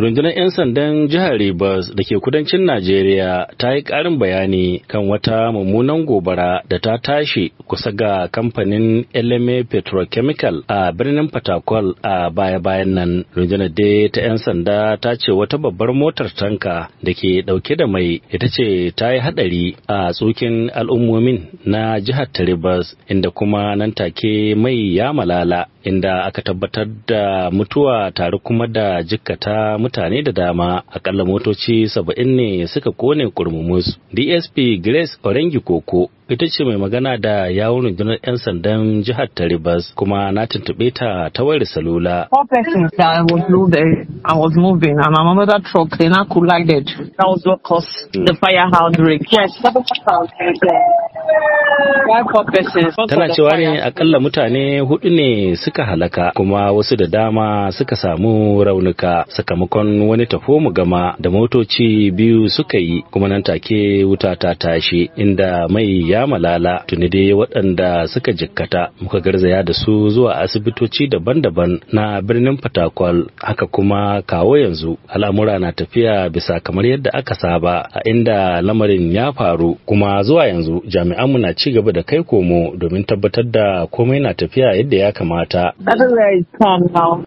rundunar 'yan sandan jihar Rivers da ke kudancin Najeriya ta yi ƙarin bayani kan wata mummunan gobara da ta tashi kusa ga kamfanin LMA Petrochemical a birnin Fatakwal a baya-bayan nan. Rundunar dai ta 'yan sanda ta ce wata babbar motar tanka da ke ɗauke da mai ita ce ta yi haɗari a tsokin al'ummomin na jihar ta Rivers inda kuma nan take mai ya malala inda aka tabbatar da mutuwa tare kuma da jikkata mutane da dama akalla motoci saba'in ne suka kone kurmumus dsp grace orangi koko ita ce mai magana da yawon rundunar 'yan sandan jihar taribas kuma na tuntube ta ta wayar salula That was what hmm. the Tana cewa ne akalla mutane hudu ne suka halaka kuma wasu da dama suka samu raunuka sakamakon wani tafo mu gama da motoci biyu suka yi kuma nan take wuta ta tashi inda mai ya malala tuni dai waɗanda suka jikkata muka garzaya da su zuwa asibitoci daban-daban na birnin Fatakwal haka kuma kawo yanzu al'amura na tafiya bisa kamar yadda aka saba a inda lamarin ya faru kuma zuwa yanzu jami'an jami'anmu na ci gaba da kai komo domin tabbatar da komai na tafiya yadda ya kamata. Uh,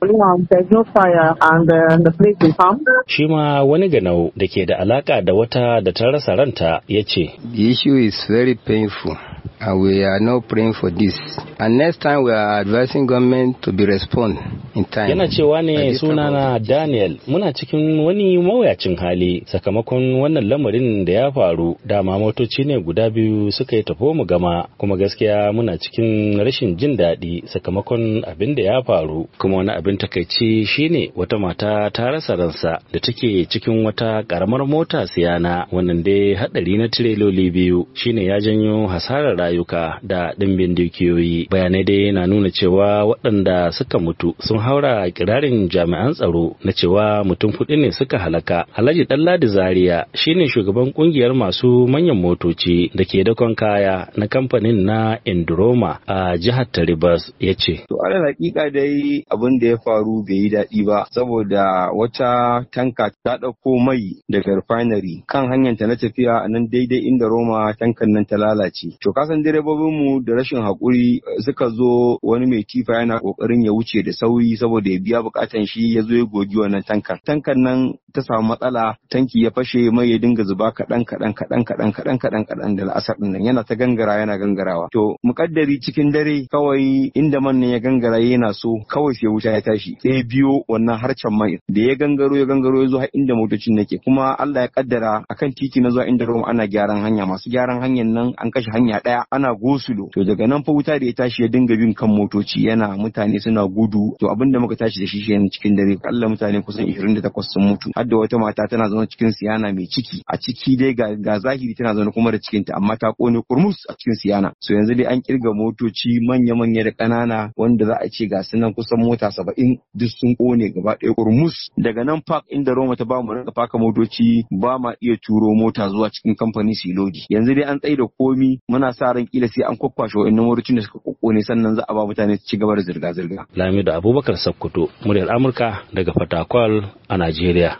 Shi ma wani ganau da ke da alaka da wata da ta rasa ranta ya ce. The issue is very painful. and we are not praying for this. And next time we are advising government to be respond in time. Yana cewa ne sunana Daniel muna cikin wani mawuyacin hali sakamakon wannan lamarin da ya faru dama motoci ne guda biyu suka yi tafo mu gama kuma gaskiya muna cikin rashin jin daɗi sakamakon abin da ya faru kuma wani abin takaici shine wata mata ta rasa ransa da take cikin wata karamar mota siyana wannan dai hadari na tireloli biyu shine ya janyo hasarar rayuwa rayuka da ɗimbin dukiyoyi bayanai dai na nuna cewa waɗanda suka mutu sun haura kirarin jami'an tsaro na cewa mutum kuɗi ne suka halaka alhaji ɗanladi zaria shine shugaban ƙungiyar masu manyan motoci da ke dakon kaya na kamfanin na indroma a jihar taribas ya ce to alal hakika dai abin da ya faru bai yi daɗi ba saboda wata tanka ta ɗauko mai daga refinery kan hanyar ta na tafiya a nan daidai inda roma tankan nan ta lalace to kasan direbobin mu da rashin hakuri eh, suka zo wani mai kifa yana kokarin ya wuce da sauri saboda ya biya bukatan shi ya zo ya gogi wannan tankan. Tankan nan ta samu matsala tanki ya fashe mai ya dinga zuba kadan kaɗan kaɗan kaɗan kaɗan kaɗan kadan da la'asar ɗin nan yana ta gangara yana gangarawa. To muƙaddari cikin dare kawai inda man ne ya gangara yana so kawai sai wuta ya tashi sai biyo wannan harcen mai da ya gangaro ya gangaro ya zo har inda motocin nake kuma Allah ya kaddara akan titi na zuwa inda Roma ana gyaran hanya masu gyaran hanyar nan an kashe hanya ɗaya ana gosulo to daga nan fa wuta da ya tashi ya dinga bin kan motoci yana mutane suna gudu to abin da muka tashi da shi shi cikin dare Allah mutane kusan 28 sun mutu har da wata mata tana zaune cikin siyana mai ciki a ciki dai ga zahiri tana zaune kuma da cikinta amma ta kone kurmus a cikin siyana so yanzu dai an kirga motoci manya-manya da ƙanana wanda za a ce ga sunan kusan mota saba'in duk sun kone gaba ɗaya kurmus daga nan park inda Roma ta bamu rinka faka motoci ba ma iya turo mota zuwa cikin kamfani silodi yanzu dai an tsaye da komi muna sa tsarin kila sai an kwakkwashe wa'annan wurin da suka kokkone sannan za a ba mutane su ci gaba da zirga-zirga. Lamido Abubakar Sokoto, muryar Amurka daga Fatakwal a Najeriya.